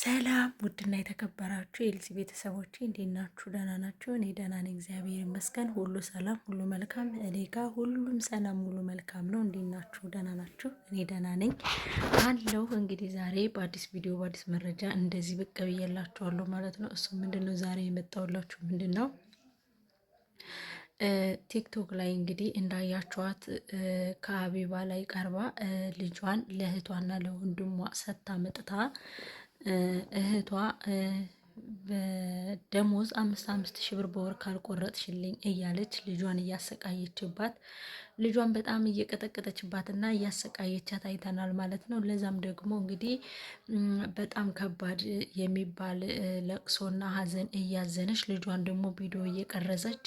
ሰላም ውድና የተከበራችሁ የኤልሲ ቤተሰቦች እንዴት ናችሁ? ደህና ናችሁ? እኔ ደህና ነኝ፣ እግዚአብሔር ይመስገን። ሁሉ ሰላም፣ ሁሉ መልካም። እኔ ጋ ሁሉም ሰላም፣ ሁሉ መልካም ነው። እንዴት ናችሁ? ደህና ናችሁ? እኔ ደህና ነኝ አለው። እንግዲህ ዛሬ በአዲስ ቪዲዮ በአዲስ መረጃ እንደዚህ ብቅ ብያላችኋለሁ ማለት ነው። እሱ ምንድን ነው ዛሬ የመጣሁላችሁ ምንድን ነው ቲክቶክ ላይ እንግዲህ እንዳያችኋት ከአቢባ ላይ ቀርባ ልጇን ለእህቷና ለወንድሟ ሰታ መጥታ እህቷ በደሞዝ አምስት አምስት ሺህ ብር በወር ካልቆረጥሽልኝ እያለች ልጇን እያሰቃየችባት ልጇን በጣም እየቀጠቀጠችባትና እያሰቃየቻት አይተናል ማለት ነው። ለዛም ደግሞ እንግዲህ በጣም ከባድ የሚባል ለቅሶና ሐዘን እያዘነች ልጇን ደግሞ ቪዲዮ እየቀረጸች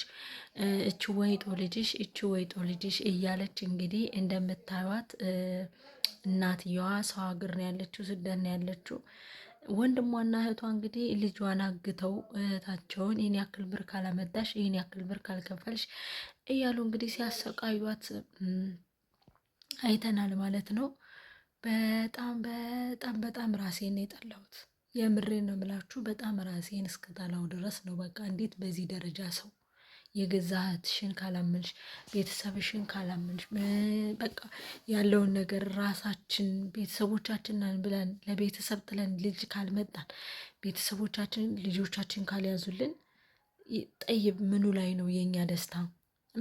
እች ወይጦ ልጅሽ እች ወይጦ ልጅሽ እያለች እንግዲህ እንደምታዩት እናትየዋ ሰው ሀገር ነው ያለችው፣ ስደት ነው ያለችው። ወንድሟና እህቷ እንግዲህ ልጇን አግተው እህታቸውን ይህን ያክል ብር ካላመጣሽ፣ ይህን ያክል ብር ካልከፈልሽ እያሉ እንግዲህ ሲያሰቃዩት አይተናል ማለት ነው። በጣም በጣም በጣም ራሴን የጠላሁት የምሬን ነው የምላችሁ። በጣም ራሴን እስከ ጣላው ድረስ ነው። በቃ እንዴት በዚህ ደረጃ ሰው የገዛትሽን ካላመንሽ፣ ቤተሰብሽን ካላመንሽ፣ በቃ ያለውን ነገር ራሳችን ቤተሰቦቻችንን ብለን ለቤተሰብ ጥለን ልጅ ካልመጣን፣ ቤተሰቦቻችን ልጆቻችን ካልያዙልን፣ ጠይብ ምኑ ላይ ነው የኛ ደስታ?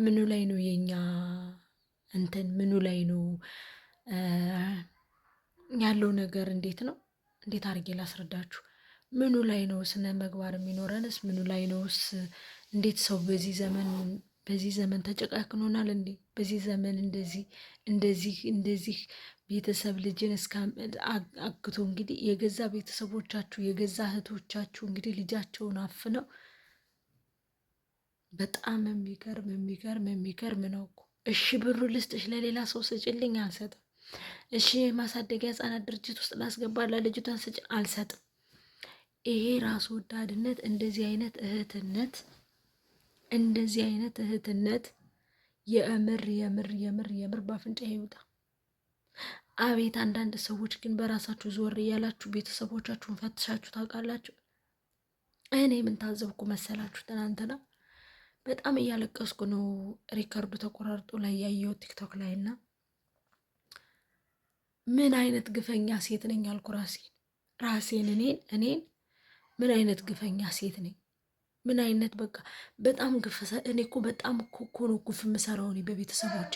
ምኑ ላይ ነው የኛ እንትን? ምኑ ላይ ነው ያለው ነገር? እንዴት ነው እንዴት አድርጌ ላስረዳችሁ? ምኑ ላይ ነው ስነ ምግባር የሚኖረንስ? ምኑ ላይ ነውስ እንዴት ሰው በዚህ ዘመን በዚህ ዘመን ተጨቃቅኖናል እንዴ! በዚህ ዘመን እንደዚህ እንደዚህ እንደዚህ ቤተሰብ ልጅን አግቶ እንግዲህ የገዛ ቤተሰቦቻችሁ የገዛ እህቶቻችሁ እንግዲህ ልጃቸውን አፍነው በጣም የሚገርም የሚገርም የሚገርም ነው እኮ። እሺ ብሩ ልስጥሽ፣ ለሌላ ሰው ስጭልኝ፣ አልሰጥም። እሺ የማሳደጊያ ህጻናት ድርጅት ውስጥ ላስገባ ለልጅቷን ስጭ፣ አልሰጥም። ይሄ ራስ ወዳድነት እንደዚህ አይነት እህትነት እንደዚህ አይነት እህትነት የእምር የምር የምር የምር ባፍንጫ ይውጣ። አቤት አንዳንድ ሰዎች ግን በራሳችሁ ዞር እያላችሁ ቤተሰቦቻችሁን ፈትሻችሁ ታውቃላችሁ? እኔ ምን ታዘብኩ መሰላችሁ? ትናንትና በጣም እያለቀስኩ ነው ሪከርዱ ተቆራርጦ ላይ ያየው ቲክቶክ ላይ እና ምን አይነት ግፈኛ ሴት ነኝ አልኩ ራሴን ራሴን እኔን እኔን ምን አይነት ግፈኛ ሴት ነኝ ምን አይነት በቃ በጣም ግፍ። እኔ እኮ በጣም እኮ ነው ግፍ የምሰራው እኔ በቤተሰቦች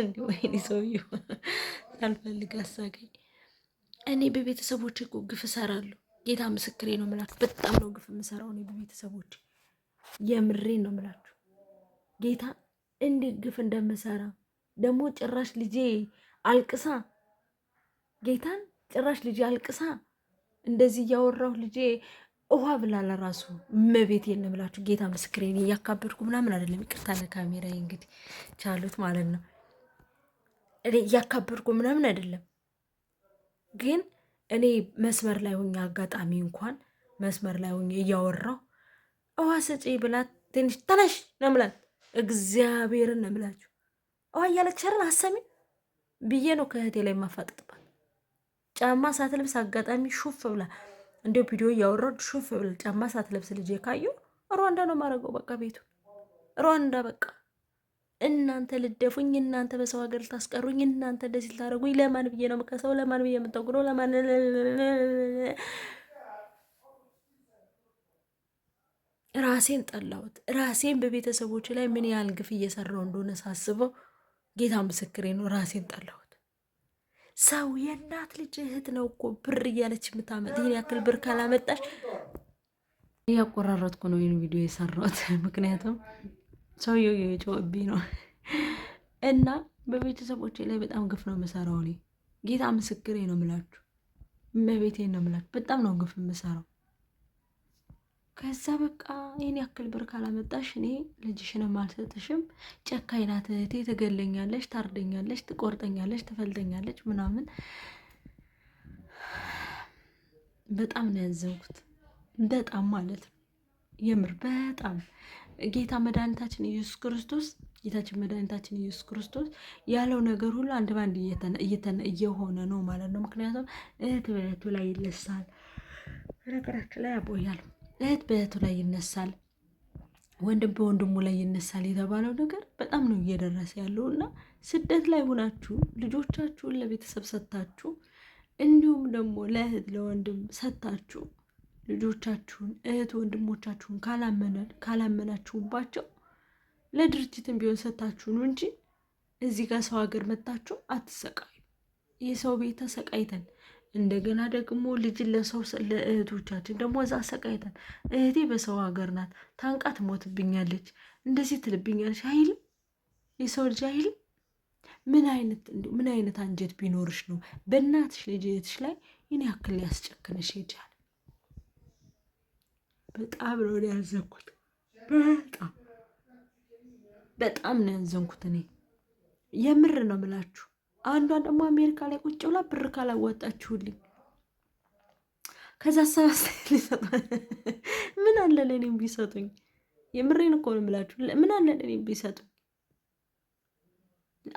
እንዲ። ወይኔ ሰውዬው ሳልፈልግ አሳገኝ። እኔ በቤተሰቦች እኮ ግፍ እሰራለሁ። ጌታ ምስክሬ ነው የምላችሁ። በጣም ነው ግፍ የምሰራው እኔ በቤተሰቦች የምሬ ነው የምላችሁ። ጌታ እንዴት ግፍ እንደምሰራ ደግሞ ጭራሽ ልጄ አልቅሳ ጌታን ጭራሽ ልጅ አልቅሳ እንደዚህ እያወራሁ ልጄ ውሃ ብላ ለራሱ መቤት የለም ብላችሁ ጌታ ምስክሬን እያካበድኩ ምናምን አይደለም። ይቅርታ ለካሜራ እንግዲህ ቻሉት ማለት ነው። እያካበድኩ ምናምን አይደለም፣ ግን እኔ መስመር ላይ ሆኜ አጋጣሚ እንኳን መስመር ላይ ሆኜ እያወራሁ ውሃ ስጪ ብላት ትንሽ ተነሽ ነው እግዚአብሔርን ነምላችሁ የምላችሁ። ውሃ እያለች ሸርን ብዬ ነው ከእህቴ ላይ ማፋጠጥባት ጫማ ሳትለብስ አጋጣሚ ሹፍ ብላ እንደ ቪዲዮ እያወረድ ሹፍ ብላ ጫማ ሳትለብስ ልጄ ካዩ ሩዋንዳ ነው የማደርገው። በቃ ቤቱ ሩዋንዳ በቃ እናንተ ልደፉኝ፣ እናንተ በሰው ሀገር ልታስቀሩኝ፣ እናንተ እንደዚህ ልታደርጉኝ፣ ለማን ብዬ ነው የምከሰው? ለማን ብዬ የምጠጉረው? ለማን ራሴን ጠላሁት። ራሴን በቤተሰቦች ላይ ምን ያህል ግፍ እየሰራው እንደሆነ ሳስበው ጌታ ምስክሬ ነው፣ ራሴን ጠላሁት። ሰው የእናት ልጅ እህት ነው እኮ ብር እያለች የምታመጥ ይህን ያክል ብር ካላመጣሽ እያቆራረጥኩ ነው ይህን ቪዲዮ የሰራሁት። ምክንያቱም ሰውየው የጮኸብኝ ነው እና በቤተሰቦቼ ላይ በጣም ግፍ ነው የምሰራው እኔ ጌታ ምስክሬ ነው የምላችሁ፣ እመቤቴ ነው የምላችሁ። በጣም ነው ግፍ የምሰራው። ከዛ በቃ ይህን ያክል ብር ካላመጣሽ እኔ ልጅሽንም አልሰጥሽም፣ ጨካኝ ናት እህቴ፣ ትገለኛለች፣ ታርደኛለች፣ ትቆርጠኛለች፣ ትፈልጠኛለች ምናምን። በጣም ነው ያዘንኩት። በጣም ማለት ነው የምር በጣም ጌታ መድኃኒታችን ኢየሱስ ክርስቶስ ጌታችን መድኃኒታችን ኢየሱስ ክርስቶስ ያለው ነገር ሁሉ አንድ ባንድ እየሆነ ነው ማለት ነው። ምክንያቱም እህት በእህቱ ላይ ይለሳል። በነገራችን ላይ አቦያል እህት በእህቱ ላይ ይነሳል፣ ወንድም በወንድሙ ላይ ይነሳል የተባለው ነገር በጣም ነው እየደረሰ ያለው እና ስደት ላይ ሆናችሁ ልጆቻችሁን ለቤተሰብ ሰጥታችሁ እንዲሁም ደግሞ ለእህት ለወንድም ሰጥታችሁ ልጆቻችሁን እህት ወንድሞቻችሁን ካላመናችሁባቸው ለድርጅትም ቢሆን ሰጥታችሁ ነው እንጂ እዚህ ጋር ሰው ሀገር መጥታችሁ አትሰቃዩ። የሰው ቤት ተሰቃይተን እንደገና ደግሞ ልጅን ለሰው ለእህቶቻችን ደግሞ እዛ አሰቃይታል። እህቴ በሰው ሀገር ናት ታንቃ ትሞትብኛለች፣ እንደዚህ ትልብኛለች አይል የሰው ልጅ አይል ምን አይነት ምን አይነት አንጀት ቢኖርሽ ነው በእናትሽ ልጅትሽ ላይ ይህን ያክል ሊያስጨክንሽ ይቻል? በጣም ነው ያዘንኩት። በጣም በጣም ነው ያዘንኩት። እኔ የምር ነው ምላችሁ አንዷን ደግሞ አሜሪካ ላይ ቁጭ ብላ ብር ካላዋጣችሁልኝ ከዛ ሀሳብ አስተያየት ምን አለ ለእኔም ቢሰጡኝ። የምሬን እኮ ነው የምላችሁ። ምን አለ ለእኔም ቢሰጡኝ።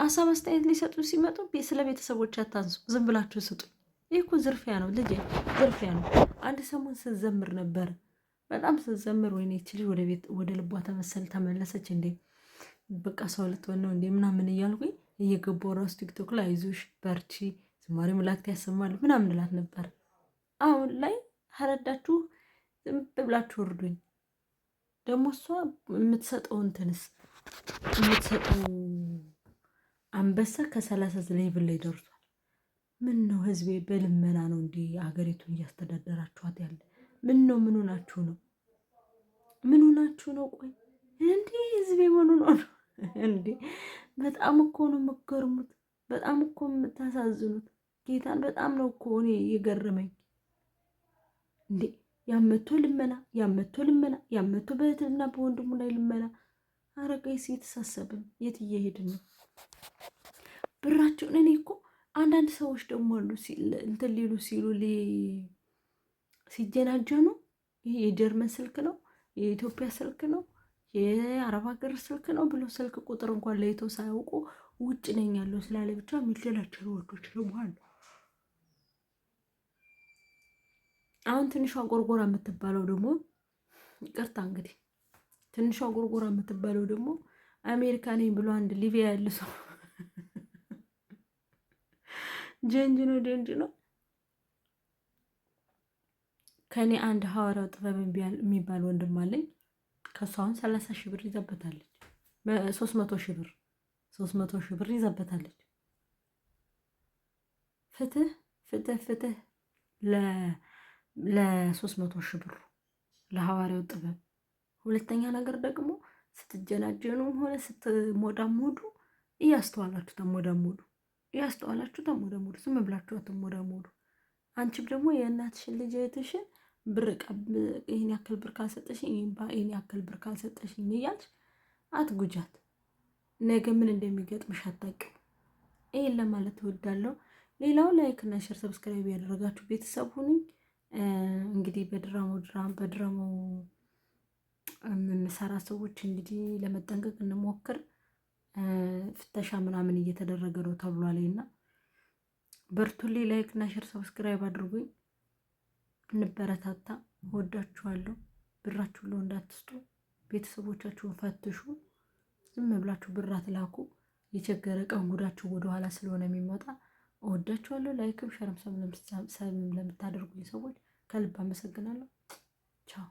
ሀሳብ አስተያየት ሊሰጡ ሲመጡ ስለ ቤተሰቦች አታንሱ፣ ዝም ብላችሁ ስጡ። ይህ እኮ ዝርፊያ ነው ልጄ፣ ዝርፊያ ነው። አንድ ሰሞን ስዘምር ነበር፣ በጣም ስዘምር፣ ወይኔ ይህች ልጅ ወደ ቤት ወደ ልቧ ተመሰል ተመለሰች እንዴ፣ በቃ ሰው ልትሆን ነው እንዴ ምናምን እያልኩኝ እየገባው ራሱ ቲክቶክ ላይ አይዞሽ በርቺ፣ ዝማሬ መላእክት ያሰማል ምናምን እላት ነበር። አሁን ላይ አረዳችሁ፣ ዝም ብላችሁ እርዱኝ። ደግሞ እሷ የምትሰጠው እንትንስ የምትሰጠው አንበሳ ከሰላሳ ሌቭል ላይ ደርሷል። ምን ነው ህዝቤ፣ በልመና ነው እንዲህ አገሪቱን እያስተዳደራችኋት ያለ? ምን ነው ምኑ ናችሁ ነው? ምኑ ናችሁ ነው? ቆይ እንዲህ ህዝቤ መኑ ነው እንዴ? በጣም እኮ ነው የምትገርሙት። በጣም እኮ የምታሳዝኑት። ጌታን በጣም ነው እኮ እኔ የገረመኝ እንዴ ያመቶ ልመና ያመቶ ልመና ያመቶ በእህትና በወንድሙ ላይ ልመና። ኧረ ቀይስ እየተሳሰብን የት እየሄድ ነው? ብራቸውን እኔ እኮ አንዳንድ ሰዎች ደግሞ አሉ እንትን ሊሉ ሲሉ ሲጀናጀኑ ይሄ የጀርመን ስልክ ነው የኢትዮጵያ ስልክ ነው የአረብ ሀገር ስልክ ነው ብሎ ስልክ ቁጥር እንኳን ለይቶ ሳያውቁ ውጭ ነኝ ያለው ስላለ ብቻ የሚገላቸው ወዶች ነው አሁን ትንሿ ጎርጎራ የምትባለው ደግሞ ቅርታ እንግዲህ ትንሿ ጎርጎራ የምትባለው ደግሞ አሜሪካ ነኝ ብሎ አንድ ሊቢያ ያለ ሰው ጀንጅ ነው ጀንጅ ነው። ከእኔ አንድ ሐዋርያው ጥበብ የሚባል ወንድም አለኝ። ከእሷ አሁን ሰላሳ ሺህ ብር ይዘበታለች። ሶስት መቶ ሺህ ብር ሶስት መቶ ሺህ ብር ይዘበታለች። ፍትህ ፍትህ ፍትህ ለሶስት መቶ ሺህ ብሩ ለሐዋርያው ጥበብ። ሁለተኛ ነገር ደግሞ ስትጀናጀኑም ሆነ ስትሞዳሞዱ እያስተዋላችሁ ተሞዳሞዱ እያስተዋላችሁ ተሞዳሞዱ። ዝም ብላችሁ አትሞዳሞዱ። አንቺም ደግሞ የእናትሽን ልጅ እህትሽን ብር ይህን ያክል ብር ካልሰጠሽኝ ይህን ያክል ብር ካልሰጠሽኝ እያልሽ አትጉጃት። ነገ ምን እንደሚገጥምሽ አታውቂው። ይህን ለማለት እወዳለሁ። ሌላው ላይክ እና ሸር ሰብስክራይብ ያደረጋችሁ ቤተሰብ ሁኑኝ። እንግዲህ በድራማው ድራማ በድራማው የምንሰራ ሰዎች እንግዲህ ለመጠንቀቅ እንሞክር። ፍተሻ ምናምን እየተደረገ ነው ተብሏል እና በርቱሌ። ላይክ እና ሸር ሰብስክራይብ አድርጉኝ። እንበረታታ። ወዳችኋለሁ። ብራችሁ ሁሉ እንዳትስጡ። ቤተሰቦቻችሁን ፈትሹ። ዝም ብላችሁ ብር ላኩ የቸገረ ቀን ጉዳችሁ ወደኋላ ስለሆነ የሚመጣ እወዳችኋለሁ። ላይክም ሸርም ሰብ ለምታደርጉኝ ሰዎች ከልብ አመሰግናለሁ። ቻው